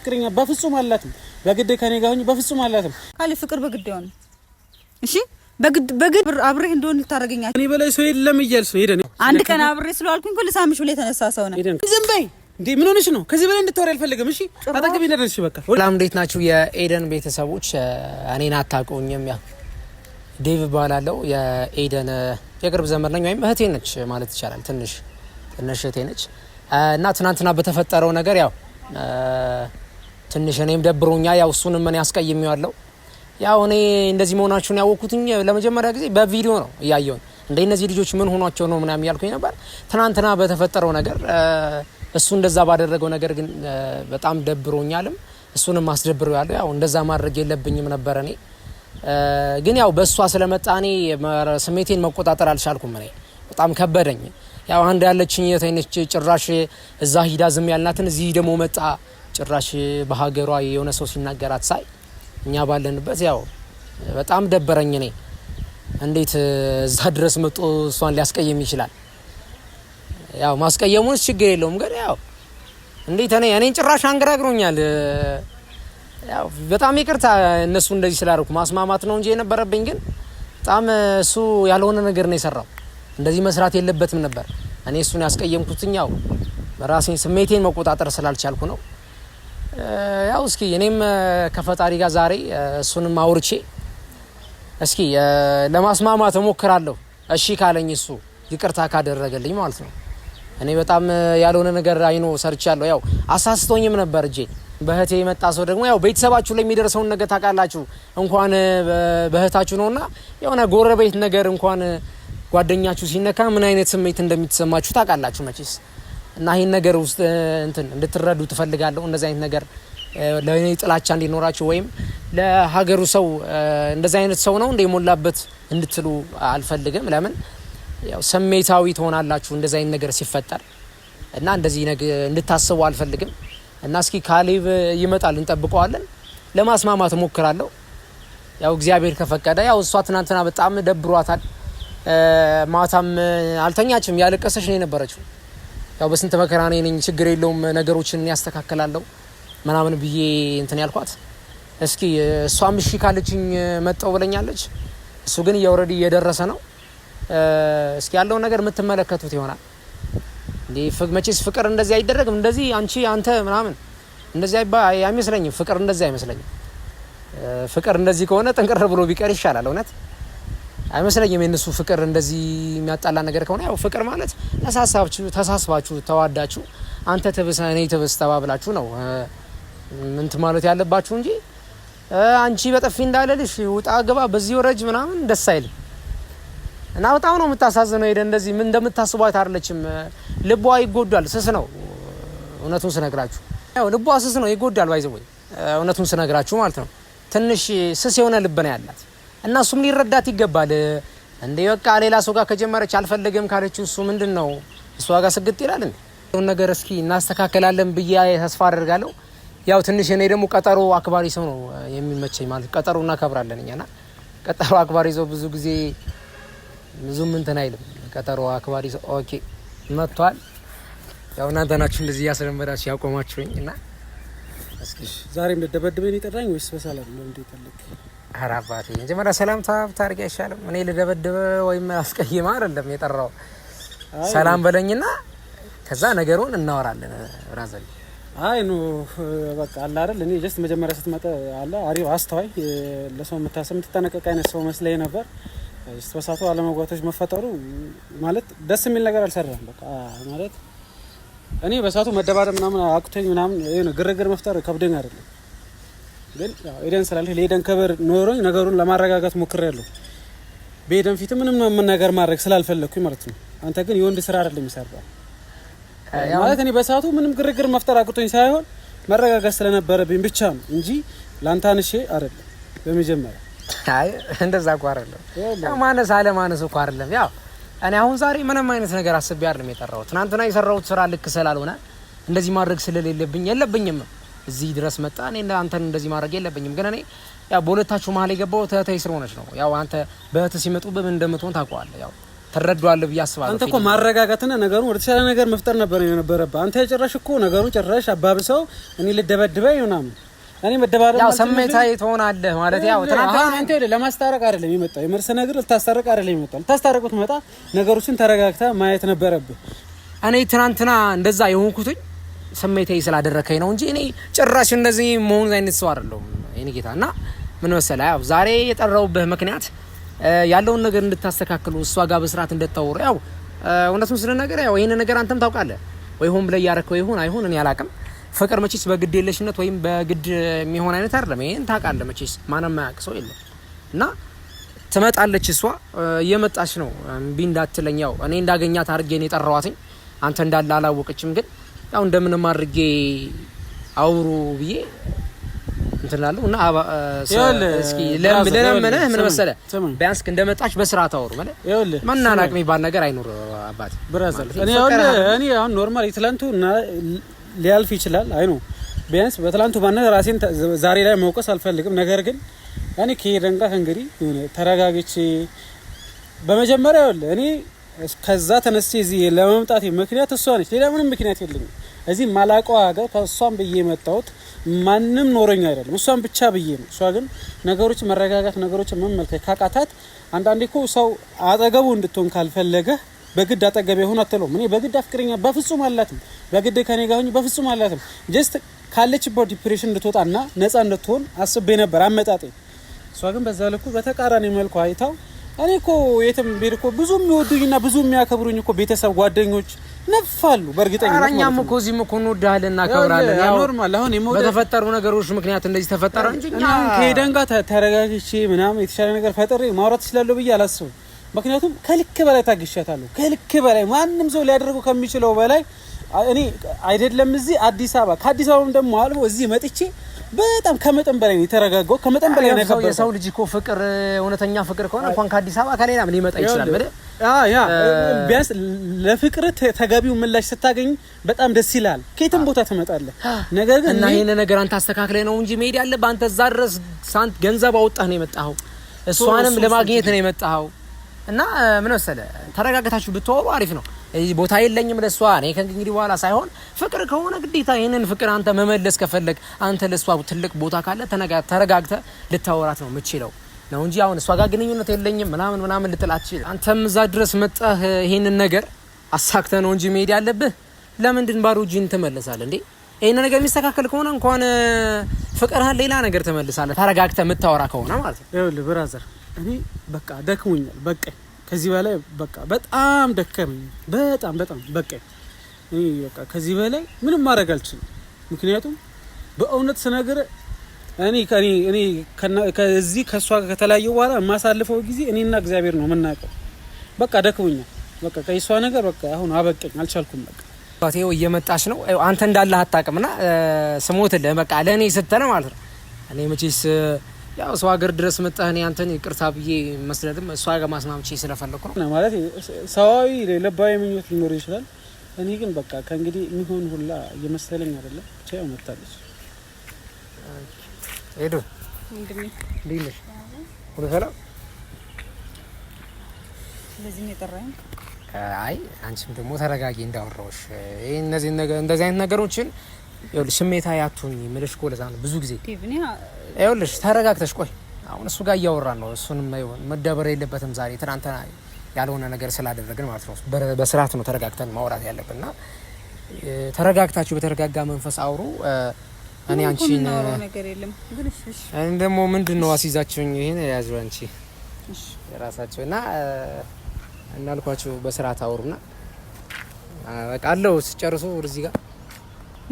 ፍቅረኛ በፍጹም አላትም። በግድ ከኔ ጋር ሆኜ በፍጹም አላትም። ካለ ፍቅር በግድ ይሆን? እሺ በግድ በግድ አብሬህ እንደሆነ ልታደርገኛ እኔ በላይ ሰው የለም እያልሽ ነው ሄደን። አንድ ቀን አብሬ ስለዋልኩኝ እኮ ሳምሽ ብለህ የተነሳ ሰው ነው። ዝም በይ እንዴ! ምን ሆነሽ ነው? ከዚህ በላይ እንድታወሪ አልፈልግም። እሺ አጠገቤ እንዳደርሽ በቃ። ሰላም፣ እንዴት ናችሁ የኤደን ቤተሰቦች? እኔን አታውቁኝም። ያ ዴቭ እባላለሁ። የኤደን የቅርብ ዘመድ ነኝ፣ ወይም እህቴ ነች ማለት ይቻላል። ትንሽ ትንሽ እህቴ ነች እና ትናንትና በተፈጠረው ነገር ያው ትንሽ እኔም ደብሮኛ ያው እሱንም እኔ አስቀይሜዋለሁ። ያው እኔ እንደዚህ መሆናችሁን ያወቅኩትኝ ለመጀመሪያ ጊዜ በቪዲዮ ነው እያየውን እንደ እነዚህ ልጆች ምን ሆኗቸው ነው ምናምን ያልኩኝ ነበር። ትናንትና በተፈጠረው ነገር እሱ እንደዛ ባደረገው ነገር ግን በጣም ደብሮኛልም እሱንም አስደብሮ ያለ ያው እንደዛ ማድረግ የለብኝም ነበር እኔ ግን ያው በእሷ ስለመጣ እኔ ስሜቴን መቆጣጠር አልቻልኩም። እኔ በጣም ከበደኝ። ያው አንድ ያለችኝ የተነች ጭራሽ እዛ ሂዳ ዝም ያልናትን እዚህ ደግሞ መጣ ጭራሽ በሀገሯ የሆነ ሰው ሲናገራት ሳይ እኛ ባለንበት ያው በጣም ደበረኝ። እኔ እንዴት እዛ ድረስ መጥቶ እሷን ሊያስቀየም ይችላል? ያው ማስቀየሙንስ ችግር የለውም ግን ያው እንዴት እኔ እኔን ጭራሽ አንገራግሮኛል። ያው በጣም ይቅርታ እነሱ እንደዚህ ስላደረኩ ማስማማት ነው እንጂ የነበረብኝ ግን በጣም እሱ ያልሆነ ነገር ነው የሰራው። እንደዚህ መስራት የለበትም ነበር። እኔ እሱን ያስቀየምኩት ያው ራሴን ስሜቴን መቆጣጠር ስላልቻልኩ ነው። ያው እስኪ እኔም ከፈጣሪ ጋር ዛሬ እሱንም አውርቼ እስኪ ለማስማማት እሞክራለሁ። እሺ ካለኝ እሱ ይቅርታ ካደረገልኝ ማለት ነው። እኔ በጣም ያልሆነ ነገር አይኖ ሰርቻለሁ። ያው አሳስቶኝም ነበር እጄ በእህቴ የመጣ ሰው ደግሞ ያው ቤተሰባችሁ ላይ የሚደርሰውን ነገር ታውቃላችሁ። እንኳን በእህታችሁ ነውና የሆነ ጎረቤት ነገር እንኳን ጓደኛችሁ ሲነካ ምን አይነት ስሜት እንደሚተሰማችሁ ታውቃላችሁ መቼስ። እና ይህን ነገር ውስጥ እንትን እንድትረዱ ትፈልጋለሁ። እንደዚህ አይነት ነገር ለእኔ ጥላቻ እንዲኖራችሁ ወይም ለሀገሩ ሰው እንደዚህ አይነት ሰው ነው እንደ የሞላበት እንድትሉ አልፈልግም። ለምን ያው ስሜታዊ ትሆናላችሁ እንደዚህ አይነት ነገር ሲፈጠር እና እንደዚህ እንድታስቡ አልፈልግም። እና እስኪ ካሌብ ይመጣል፣ እንጠብቀዋለን። ለማስማማት እሞክራለሁ። ያው እግዚአብሔር ከፈቀደ ያው እሷ ትናንትና በጣም ደብሯታል። ማታም አልተኛችም። ያለቀሰች ነው የነበረችው። ያው በስንት መከራ እኔ ነኝ ችግር የለውም ነገሮችን ያስተካከላለሁ ምናምን ብዬ እንትን ያልኳት። እስኪ እሷም እሺ ካለችኝ መጣው ብለኛለች። እሱ ግን እያወረድ እየደረሰ ነው። እስኪ ያለውን ነገር የምትመለከቱት ይሆናል። እንዲህ መቼስ ፍቅር እንደዚህ አይደረግም። እንደዚህ አንቺ አንተ ምናምን እንደዚህ አይመስለኝም። ፍቅር እንደዚህ አይመስለኝም። ፍቅር እንደዚህ ከሆነ ጥንቅር ብሎ ቢቀር ይሻላል እውነት አይመስለኝም። የእነሱ ፍቅር እንደዚህ የሚያጣላ ነገር ከሆነ ያው ፍቅር ማለት ተሳስባችሁ ተዋዳችሁ፣ አንተ ትብስ እኔ ትብስ ተባብላችሁ ነው ምንት ማለት ያለባችሁ እንጂ አንቺ በጥፊ እንዳለልሽ ውጣ ግባ በዚህ ወረጅ ምናምን ደስ አይልም። እና በጣም ነው የምታሳዝነው። ሄደ እንደዚህ ምን እንደምታስቧት አይደለችም። ልቧ ይጎዳል፣ ስስ ነው። እውነቱን ስነግራችሁ ያው ልቧ ስስ ነው፣ ይጎዳል። ባይዘ እውነቱን ስነግራችሁ ማለት ነው። ትንሽ ስስ የሆነ ልብ ነው ያላት። እና እሱም ሊረዳት ይገባል። እንደ በቃ ሌላ ሰው ጋር ከጀመረች አልፈለገም ካለች እሱ ምንድን ነው እሷ ጋር ስግጥ ይላል። ይሁን ነገር እስኪ እናስተካከላለን ብዬ ተስፋ አደርጋለሁ። ያው ትንሽ እኔ ደግሞ ቀጠሮ አክባሪ ሰው ነው የሚመቸኝ። ማለት ቀጠሮ እናከብራለን እኛና ቀጠሮ አክባሪ ሰው ብዙ ጊዜ ብዙም እንትን አይልም። ቀጠሮ አክባሪ ሰው ኦኬ መጥቷል። ያው እናንተ ናችሁ እንደዚህ እያስለመዳችሁ ያቆማችሁኝ እና እስኪ ዛሬም ልደበድበኝ የጠራኝ ወይስ በሳላ ነው እንዴት ኧረ አባቴ መጀመሪያ ሰላምታ ብታደርጊ አይሻልም? እኔ ልደበድበ ወይም አስቀይማ አይደለም የጠራው። ሰላም በለኝና ከዛ ነገሩን እናወራለን። ብራዘር አይ ኑ በቃ አለ አይደል። እኔ ጀስት መጀመሪያ ስትመጣ አለ አሪው አስተዋይ፣ ለሰው የምታስብ የምትጠነቀቅ አይነት ሰው መስለኝ ነበር። በሳቱ አለመጓቶች መፈጠሩ ማለት ደስ የሚል ነገር አልሰራም። በቃ ማለት እኔ በሳቱ መደባደብ ምናምን አቅቶኝ ምናምን ይሄ ነው ግርግር መፍጠር ከብደኝ አይደለም ግን ኤደን ስላለ ለኤደን ክብር ኖሮኝ ነገሩን ለማረጋጋት ሞክሬያለሁ። በኤደን ፊት ምንም ነው ምን ነገር ማድረግ ስላልፈለግኩኝ ማለት ነው። አንተ ግን የወንድ ስራ አይደለም ይሰራ ማለት እኔ በሰዓቱ ምንም ግርግር መፍጠር አቅቶኝ ሳይሆን መረጋጋት ስለነበረብኝ ብቻ ነው እንጂ ላንታንሼ አይደለም። በመጀመሪያ አይ እንደዛ እኮ አይደለም ማነስ አለ ማነስ እኮ አይደለም። ያው እኔ አሁን ዛሬ ምንም አይነት ነገር አስቤ አይደለም የጠራሁት። ትናንትና የሰራሁት ስራ ልክ ስላልሆነ እንደዚህ ማድረግ ስለሌለብኝ የለብኝም እዚህ ድረስ መጣ። እኔ አንተን እንደዚህ ማድረግ የለብኝም ግን እኔ ያው በሁለታችሁ መሀል የገባው ተህተህ ስለሆነች ነው። ያው አንተ በእህትህ ሲመጡ በምን እንደምትሆን ታውቀዋለህ። ያው ትረዳዋለህ ብዬ አስባለሁ። አንተ እኮ ማረጋጋትና ነገሩን ወደ ተሻለ ነገር መፍጠር ነበር የነበረብህ። አንተ የጭራሽ እኮ ነገሩን ጭራሽ አባብሰው እኔ ልደበድበኝ ይሆናም እኔ መደባረብ ያው ስሜታዊ ትሆናለህ ማለት ያው ትናንት አንተ ለማስታረቅ አይደለም የመጣው የመርሰ ነገር ልታስታረቅ አይደለም የመጣው ልታስታረቁት መጣ ነገሮችን ተረጋግተ ማየት ነበረብህ። እኔ ትናንትና እንደዛ የሆንኩትኝ ስሜታዊ ስላደረከኝ ነው እንጂ እኔ ጭራሽ እንደዚህ መሆን አይነት ሰው አይደለሁም። የኔ ጌታ እና ምን መሰለህ፣ ያው ዛሬ የጠራውብህ ምክንያት ያለውን ነገር እንድታስተካክሉ እሷ ጋር በስርዓት እንድታወሩ ያው እውነቱን ስለነገር ያው ይሄን ነገር አንተም ታውቃለህ ወይ ሆን ብለህ እያረከው ይሁን አይሁን እኔ አላውቅም። ፍቅር መቼስ በግድ የለሽነት ወይም በግድ የሚሆን አይነት አይደለም። ይሄን ታውቃለህ መቼስ ማንም ማያውቅ ሰው የለም። እና ትመጣለች እሷ እየመጣች ነው። እምቢ እንዳትለኝ ያው እኔ እንዳገኛት አድርጌ ነው የጠራዋትኝ። አንተ እንዳለ አላወቀችም ግን ያው እንደምንም አድርጌ አውሩ ብዬ እንትላለሁ እና እስኪ ለለመነህ ምን መሰለህ፣ ቢያንስ እንደመጣች በስርዓት አውሩ ማለት መናናቅ የሚባል ነገር አይኖር። አባቴ ብራዘር፣ እኔ አሁን እኔ አሁን ኖርማል የትላንቱ እና ሊያልፍ ይችላል። አይ ነው ቢያንስ በትላንቱ ማነ ራሴን ዛሬ ላይ መውቀስ አልፈልግም። ነገር ግን እኔ ከሄደን ጋር እንግዲህ የሆነ ተረጋግቼ በመጀመሪያ ይኸውልህ እኔ ከዛ ተነስቼ እዚህ ለመምጣቴ ምክንያት እሷ ነች። ሌላ ምንም ምክንያት የለኝም። እዚህ ማላውቀው ሀገር ከእሷም ብዬ የመጣሁት ማንም ኖረኝ አይደለም፣ እሷም ብቻ ብዬ ነው። እሷ ግን ነገሮች መረጋጋት፣ ነገሮች መመልከት ካቃታት አንዳንዴ እኮ ሰው አጠገቡ እንድትሆን ካልፈለገ በግድ አጠገብ የሆን አትለውም። እኔ በግድ አፍቅረኛ በፍጹም አላትም፣ በግድ ከኔ ጋር በፍጹም አላትም። ጀስት ካለችበት ዲፕሬሽን እንድትወጣና ነፃ እንድትሆን አስቤ ነበር አመጣጤ። እሷ ግን በዛ ልኩ በተቃራኒ መልኩ አይታው እኔ እኮ የትም ቤት እኮ ብዙ የሚወዱኝና ብዙ የሚያከብሩኝ እኮ ቤተሰብ ጓደኞች ነፋሉ። በእርግጠኝነት ኧረ እኛም እኮ እዚህም እኮ እንወድሃለን እናከብራለን። ያው ኖርማል። አሁን በተፈጠሩ ነገሮች ምክንያት እንደዚህ ተፈጠረ እንጂ ከሄደን ጋር ተረጋግቼ ምናምን የተሻለ ነገር ፈጥሬ ማውራት እችላለሁ ብዬ አላስብም። ምክንያቱም ከልክ በላይ ታግሻታለሁ። ከልክ በላይ ማንም ሰው ሊያደርገው ከሚችለው በላይ እኔ አይደለም እዚህ አዲስ አበባ ከአዲስ አበባም ደግሞ አልፎ እዚህ መጥቼ በጣም ከመጠን በላይ የተረጋጋው ከመጠን በላይ ነው። የሰው ልጅ እኮ ፍቅር፣ እውነተኛ ፍቅር ከሆነ እንኳን ከአዲስ አበባ ከሌላም ሊመጣ ይችላል ያ ቢያንስ ለፍቅር ተገቢው ምላሽ ስታገኝ በጣም ደስ ይላል። ከየትም ቦታ ትመጣለህ። ነገር ግን እና ይሄን ነገር አንተ አስተካክለህ ነው እንጂ መሄድ ያለ አንተ እዛ ድረስ ሳንት ገንዘብ አውጣህ ነው የመጣኸው፣ እሷንም ለማግኘት ነው የመጣኸው እና ምን መሰለህ ተረጋግታችሁ ብትወሩ አሪፍ ነው። ቦታ የለኝም ለሷ እኔ ከእንግዲህ በኋላ ሳይሆን ፍቅር ከሆነ ግዴታ ይህንን ፍቅር አንተ መመለስ ከፈለግ አንተ ለሷ ትልቅ ቦታ ካለ ተረጋግተ ልታወራት ነው የምችለው ነው እንጂ አሁን እሷ ጋር ግንኙነት የለኝም ምናምን ምናምን ልትል አንተም እዛ ድረስ መጠህ ይህንን ነገር አሳክተ ነው እንጂ መሄድ ያለብህ። ለምንድን ባዶ እጅን ትመለሳል እንዴ? ይህን ነገር የሚስተካከል ከሆነ እንኳን ፍቅርህን ሌላ ነገር ትመልሳለህ። ተረጋግተ የምታወራ ከሆነ ማለት ነው። ብራዘር እኔ በቃ ደክሞኛል፣ በቃ ከዚህ በላይ በቃ በጣም ደከመኝ። በጣም በጣም በቃ እኔ በቃ ከዚህ በላይ ምንም ማድረግ አልችልም። ምክንያቱም በእውነት ስነግር እኔ ከኔ እኔ ከዚህ ከሷ ከተለያየ በኋላ የማሳልፈው ጊዜ እኔና እግዚአብሔር ነው የምናውቀው። በቃ ደክሞኛል። በቃ ከእሷ ነገር በቃ አሁን አበቀኝ፣ አልቻልኩም። በቃ ባቴው እየመጣች ነው። አንተ እንዳለህ አታውቅምና ስሞትልህ በቃ ለእኔ ስትል ማለት ነው እኔ መቼስ ያው ሰው ሀገር ድረስ መጣህ እኔ አንተን ይቅርታ ብዬ መስለትም እሷ ጋር ማስማምቼ ስለፈለኩ ነው ማለት ሰዋዊ ለባዊ ምኞት ሊኖር ይችላል። እኔ ግን በቃ ከእንግዲህ የሚሆን ሁላ እየመሰለኝ አይደለም። ብቻ ያው መታለች። ሄዱ ሌለሽ ሁሉ ሰላም? ለዚህ የጠራኝ። አይ አንቺም ደግሞ ተረጋጊ እንዳወራሁሽ ይህ እነዚህ እንደዚህ አይነት ነገሮችን ይኸውልሽ ስሜታዊ ያቱኝ ምልሽ እኮ ለዛ ነው ብዙ ጊዜ ይኸውልሽ፣ ተረጋግተሽ ቆይ። አሁን እሱ ጋር እያወራን ነው። እሱንም ይሆን መደበር የለበትም ዛሬ ትናንትና ያልሆነ ነገር ስላደረግን ማለት ነው። በስርዓት ነው ተረጋግተን ማውራት ያለብን እና ተረጋግታችሁ በተረጋጋ መንፈስ አውሩ። እኔ አንቺን እኔ ደግሞ ምንድን ነው አስይዛችሁኝ ይሄን የያዙ አንቺ የራሳቸው እና እናልኳችሁ በስርዓት አውሩና በቃ አለው ስጨርሱ ወደዚህ ጋር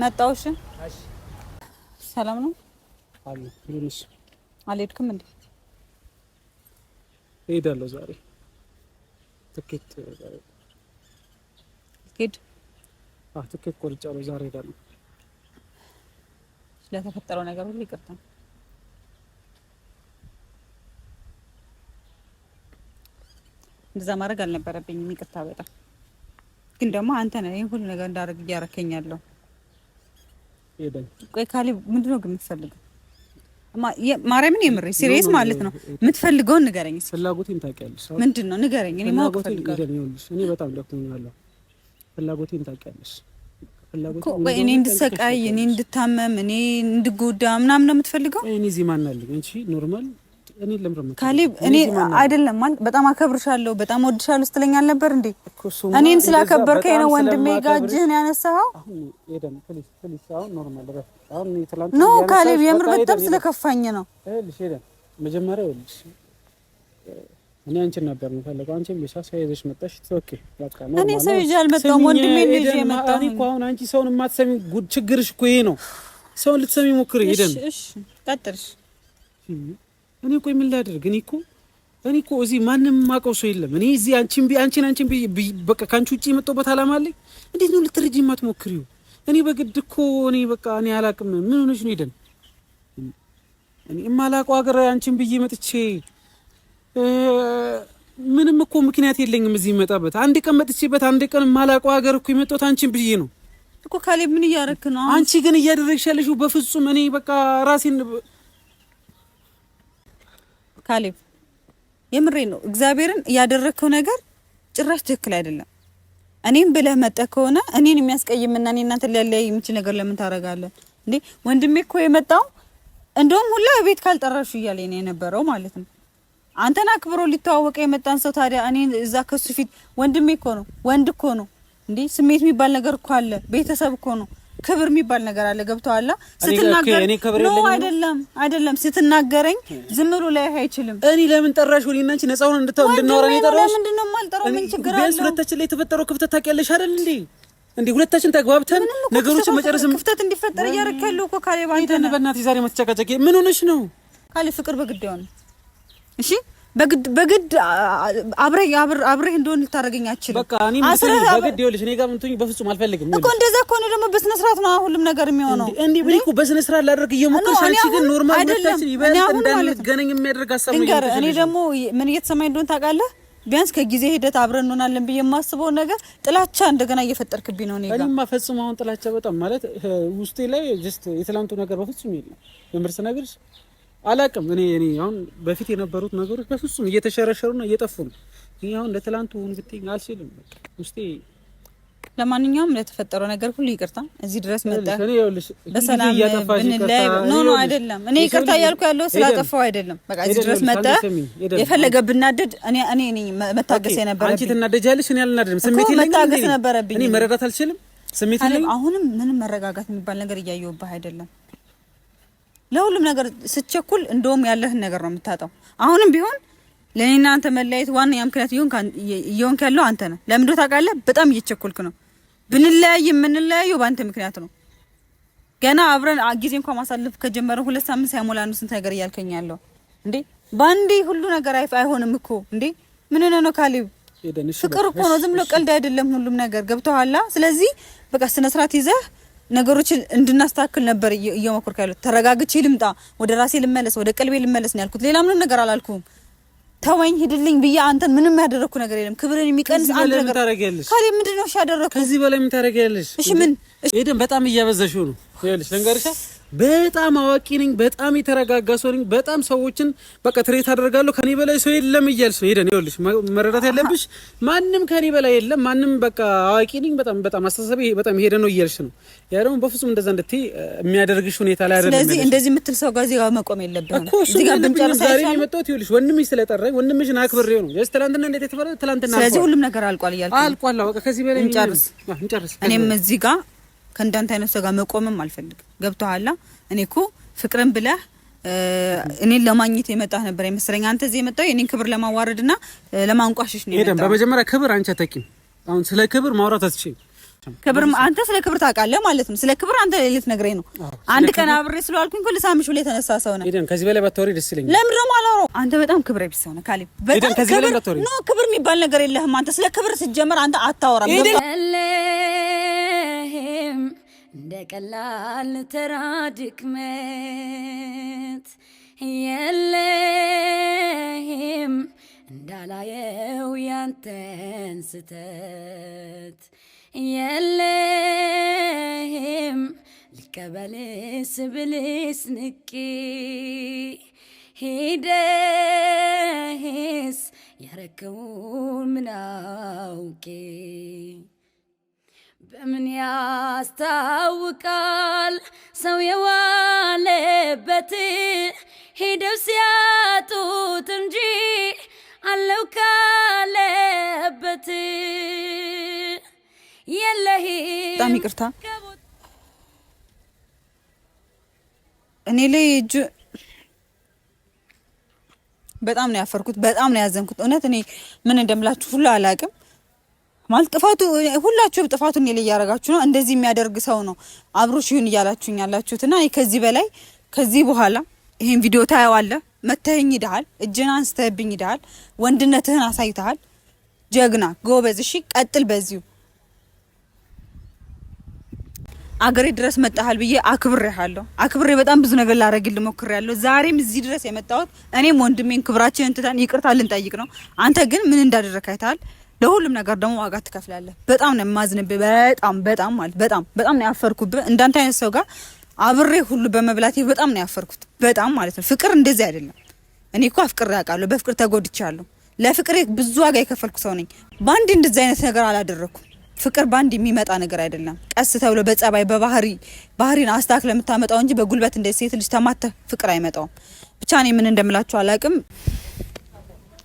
መጣውሽ ሰላም ነው አልሄድክም እንዴ? እሄዳለሁ ዛሬ ትኬት ትኬት አህ ትኬት ቆርጫለሁ ዛሬ እሄዳለሁ። ስለተፈጠረው ነገር ሁሉ ይቅርታ። እንደዛ ማድረግ አልነበረብኝም። ይቅርታ በጣም ግን ደግሞ አንተ ነህ ይሄን ሁሉ ነገር እንዳደርግ እያረከኛለሁ ቆይ ካሌብ ምንድን ነው ግን የምትፈልገው? ማርያምን የምሬ ሲሪየስ ማለት ነው። የምትፈልገውን ንገረኝ። ፍላጎቴን ታውቂያለሽ? ምንድን ነው ንገረኝ። እኔ ማወቅ ፈልጋለሁ። እኔ በጣም ደክሞኛል። ፍላጎቴን ታውቂያለሽ? እኔ እንድሰቃይ፣ እኔ እንድታመም፣ እኔ እንድጎዳ ምናምን ነው የምትፈልገው? እኔ እዚህ ማን አንቺ ኖርማል ካሌብ እኔ አይደለም ማለት በጣም አከብርሻለሁ በጣም ወድሻለሁ ስትለኝ አልነበር እንዴ? እኔን ስላከበርከኝ ነው ወንድሜ ጋር እጅህን ያነሳኸው። ኖ ካሌብ የምር በጣም ስለከፋኝ ነው። መጀመሪያ ይኸውልሽ እኔ አንቺን ነበር የምፈልገው። ሰው ይዘሽ መጣሽ። ኦኬ በቃ ነው። እኔ ሰው ይዤ አልመጣሁም ወንድሜ ነው ይዤ እኔ እኮ አሁን አንቺ ሰውን የማትሰሚ ችግርሽ እኮ ይሄ ነው። ሰውን ልትሰሚ ሞክሪ። ሄደን እሺ፣ ቀጥልሽ እኔ ቆይ ምን ላደርግ? እኔ እኮ እኔ እኮ እዚህ ማንም ማቀው ሰው የለም። እኔ እዚህ አንቺን ቢ አንቺን አንቺን ቢ በቃ ከአንቺ ውጭ የመጣሁበት አላማ አለኝ። እንዴት ነው ልትረጂ የማትሞክሪው? እኔ በግድ እኮ እኔ በቃ እኔ አላቅም። ምን ሆነሽ ነው? ሄደን እኔ የማላውቀው ሀገር አንቺን ብዬ መጥቼ ምንም እኮ ምክንያት የለኝም እዚህ የመጣበት። አንድ ቀን መጥቼበት አንድ ቀን የማላውቀው ሀገር እኮ የመጣሁት አንቺን ብዬ ነው እኮ። ካሌብ ምን እያደረክ ነው? አንቺ ግን እያደረግሽ ያለሽው በፍጹም እኔ በቃ ራሴን ካሌብ የምሬ ነው። እግዚአብሔርን ያደረግከው ነገር ጭራሽ ትክክል አይደለም። እኔም ብለህ መጠህ ከሆነ እኔን የሚያስቀይምና እኔ እናንተ ሊያለያይ የሚችል ነገር ለምን ታደርጋለህ እንዴ? ወንድሜ እኮ የመጣው እንደውም ሁላ ቤት ካልጠራሹ እያለኝ ነው የነበረው ማለት ነው። አንተን አክብሮ ሊተዋወቀ የመጣን ሰው ታዲያ እኔ እዛ ከሱ ፊት ወንድሜ እኮ ነው፣ ወንድ እኮ ነው እንዴ። ስሜት የሚባል ነገር እኮ አለ። ቤተሰብ እኮ ነው። ክብር የሚባል ነገር አለ። ገብተዋላ ስትናገር ነው አይደለም፣ አይደለም ስትናገረኝ ዝም ብሎ ላይ አይችልም። እኔ ለምን ጠራሽ? ወዲና አንቺ ነፃ ሆነን እንድናወራ ነው የጠራሽ። ምንድን ነው የማልጠራው? ምን ችግር አለ? ሁለታችን ላይ የተፈጠረው ክፍተት ታውቂያለሽ አይደል እንዴ? እንዴ ሁለታችን ተግባብተን ነገሮችን መጨረስ ክፍተት እንዲፈጠር እያደረክ ያለው እኮ ካሌብ አንተ ነህ። በእናትህ ዛሬ መተጨቃጨቂ ምን ሆነሽ ነው? ካሌብ ፍቅር በግድ ነው እሺ በግድ በግድ አብረህ አብረህ እንደሆነ ልታደርገኝ አችልም። በቃ እኔ በግድ ይኸውልሽ፣ እኔ ጋር ምትሆኝ በፍጹም አልፈልግም እኮ። እንደዛ ከሆነ ደግሞ በስነ ስርዓት ነው ሁሉም ነገር የሚሆነው። እንዴ እኔ እኮ በስነ ስርዓት ላደርግ እየሞከርሽ፣ አንቺ ግን ኖርማል ሁለታችን ይበልጥ እንዳንገናኝ የሚያደርግ ሀሳብ ነው። እኔ ደግሞ ምን እየተሰማኝ እንደሆነ ታውቃለህ? ቢያንስ ከጊዜ ሂደት አብረን እንሆናለን ብዬ የማስበው ነገር ጥላቻ እንደገና እየፈጠርክብኝ ነው። እኔ ጋር ፈጽሞ አሁን ጥላቻ በጣም ማለት ውስጤ ላይ ጀስት የትላንቱ ነገር በፍጹም የለም የምርስ ነገርሽ አላቅም እኔ እኔ አሁን በፊት የነበሩት ነገሮች በፍጹም እየተሸረሸሩና እየጠፉ ነው። እኔ አሁን እንደ ሁን ብትይኝ አልችልም ውስጤ። ለማንኛውም ለተፈጠረው ነገር ሁሉ ይቅርታ። እዚህ ድረስ መጣ በሰላም ብንለያይ ኖ ኖ አይደለም። እኔ ይቅርታ እያልኩ ያለው ስላጠፋው አይደለም። በቃ እዚህ ድረስ መጣ። የፈለገ ብናደድ እኔ እኔ እኔ መታገስ የነበረብኝ አንቺ ትናደጃለሽ፣ እኔ አልናደድም። ስሜት ይለኝ መታገስ ነበረብኝ። እኔ መረዳት አልችልም። ስሜት ይለኝ አሁንም ምንም መረጋጋት የሚባል ነገር እያየሁብህ አይደለም ለሁሉም ነገር ስትቸኩል እንደውም ያለህን ነገር ነው የምታጣው። አሁንም ቢሆን ለእኔና አንተ መለያየት ዋነኛ ምክንያት እየሆንክ ያለው አንተ ነህ። ለምዶ ታውቃለህ፣ በጣም እየቸኩልክ ነው። ብንለያይ የምንለያየው በአንተ ምክንያት ነው። ገና አብረን ጊዜ እንኳ ማሳለፍ ከጀመረ ሁለት ሳምንት ሳይሞላ ነው ስንት ነገር እያልከኝ ያለው እንዴ! በአንዴ ሁሉ ነገር አይሆንም እኮ እንዴ! ምን ነው ካሌብ፣ ፍቅር እኮ ነው፣ ዝም ብሎ ቀልድ አይደለም። ሁሉም ነገር ገብተኋላ። ስለዚህ በቃ ስነ ይዘህ ነገሮችን እንድናስተካክል ነበር እየሞከርኩ ያሉት። ተረጋግቼ ልምጣ፣ ወደ ራሴ ልመለስ፣ ወደ ቀልቤ ልመለስ ነው ያልኩት። ሌላ ምንም ነገር አላልኩም። ተወኝ ሂድልኝ ብዬ አንተን ምንም ያደረግኩ ነገር የለም። ክብርን የሚቀንስ አንድ ነገር ታደርጊያለሽ። ካሌ ምንድን ነው ከዚህ በላይ ምን ታደርጊያለሽ? እሺ ምን? በጣም እያበዘሽው ነው። ይኸውልሽ ልንገርሻ በጣም አዋቂ ነኝ፣ በጣም የተረጋጋ ሰው ነኝ፣ በጣም ሰዎችን በቃ ትሬት አደርጋለሁ። ከኔ በላይ ሰው የለም እያልሽ ነው ሄደን። ይኸውልሽ መረዳት ያለብሽ ማንም ከኔ በላይ የለም፣ ማንም በቃ አዋቂ ነኝ፣ በጣም በጣም አስተሳሰብ በጣም ሄደ ነው እያልሽ ነው። ያ ደግሞ በፍጹም እንደዛ እንድትይ የሚያደርግሽ ሁኔታ ላይ አይደለም። ስለዚህ እንደዚህ የምትል ሰው ጋር ዜጋ መቆም የለብህም። እዚህ ጋር ብንጨርስ ዛሬ የመጣሁት። ይኸውልሽ ወንድምሽ ስለጠራኝ ወንድምሽን አክብሬው ነው ስ ትላንትና እንዴት የተባለ ትላንትና። ስለዚህ ሁሉም ነገር አልቋል እያልኩ አልቋል። በቃ ከዚህ በላይ እንጨርስ እንጨርስ። እኔም እዚህ ጋር ከእንዳንተ አይነት ሰው ጋር መቆምም አልፈልግም። ገብቶሃል? እኔ እኮ ፍቅርን ብለህ እኔን ለማግኘት የመጣህ ነበር የመሰለኝ። አንተ እዚህ የመጣው የኔን ክብር ለማዋረድና ለማንቋሸሽ ነው የመጣው። በመጀመሪያ ክብር አንቺ አታውቂም። አሁን ስለ ክብር ማውራት አትችይም። ክብር አንተ ስለ ክብር ታውቃለህ ማለት ነው። ስለ ክብር አንተ ሌሊት ልትነግረኝ ነው። አንድ ቀን አብሬ ስለዋልኩኝ ኩል ሳምሽ ብለህ የተነሳ ሰው ነህ። ኤደን ከዚህ በላይ ባታወሪ ደስ ይለኛል። ለምን ደግሞ አላወራሁም? አንተ በጣም ክብር ቢስ ሰው ነህ ካሌብ። በጣም ክብር የሚባል ነገር የለህም አንተ። ስለ ክብር ስትጀምር አንተ አታወራም። እንደ ቀላል ተራ ድክመት የለህም እንዳላየው ያንተን ስተት የለህም ልቀበልስ ብልስ ንቂ ሂደህስ ያረከውን ምናውቄ በምን ያስታውቃል ሰው የዋለበት ሄደው ሲያጡት እንጂ አለው ካለበት የለህ። በጣም ይቅርታ እኔ ላይ እጅ በጣም ነው ያፈርኩት፣ በጣም ነው ያዘንኩት። እውነት እኔ ምን እንደምላችሁ ሁሉ አላውቅም። ማለት ጥፋቱ ሁላችሁም ጥፋቱ እኔ ላይ እያረጋችሁ ነው። እንደዚህ የሚያደርግ ሰው ነው አብሮሽ ይሁን እያላችሁኝ እና ከዚህ በላይ ከዚህ በኋላ ይሄን ቪዲዮ ታየዋለህ። መተህኝ ይደሃል፣ እጅን አንስተህብኝ ይደሃል፣ ወንድነትህን አሳይተሃል። ጀግና ጎበዝ፣ እሺ ቀጥል በዚሁ። አገሬ ድረስ መጣሃል ብዬ አክብሬሃለሁ። አክብሬ በጣም ብዙ ነገር ላረግል ሞክሬያለሁ። ዛሬም እዚህ ድረስ የመጣሁት እኔም ወንድሜን ክብራችንን ትተን ይቅርታ ልንጠይቅ ነው። አንተ ግን ምን እንዳደረግ አይተሃል። ለሁሉም ነገር ደግሞ ዋጋ ትከፍላለህ። በጣም ነው የማዝንብህ። በጣም በጣም ማለት በጣም በጣም ነው ያፈርኩብህ። እንዳንተ አይነት ሰው ጋር አብሬ ሁሉ በመብላቴ በጣም ነው ያፈርኩት። በጣም ማለት ነው። ፍቅር እንደዚህ አይደለም። እኔ እኮ አፍቅሬ አውቃለሁ። በፍቅር ተጎድቻለሁ። ለፍቅሬ ብዙ ዋጋ የከፈልኩ ሰው ነኝ። በአንድ እንደዚህ አይነት ነገር አላደረኩም። ፍቅር በአንድ የሚመጣ ነገር አይደለም። ቀስ ተብሎ በጸባይ በባህሪ ባህሪን አስተካክለ ለምታመጣው እንጂ በጉልበት እንደ ሴት ልጅ ተማተ ፍቅር አይመጣውም። ብቻ እኔ ምን እንደምላችሁ አላውቅም።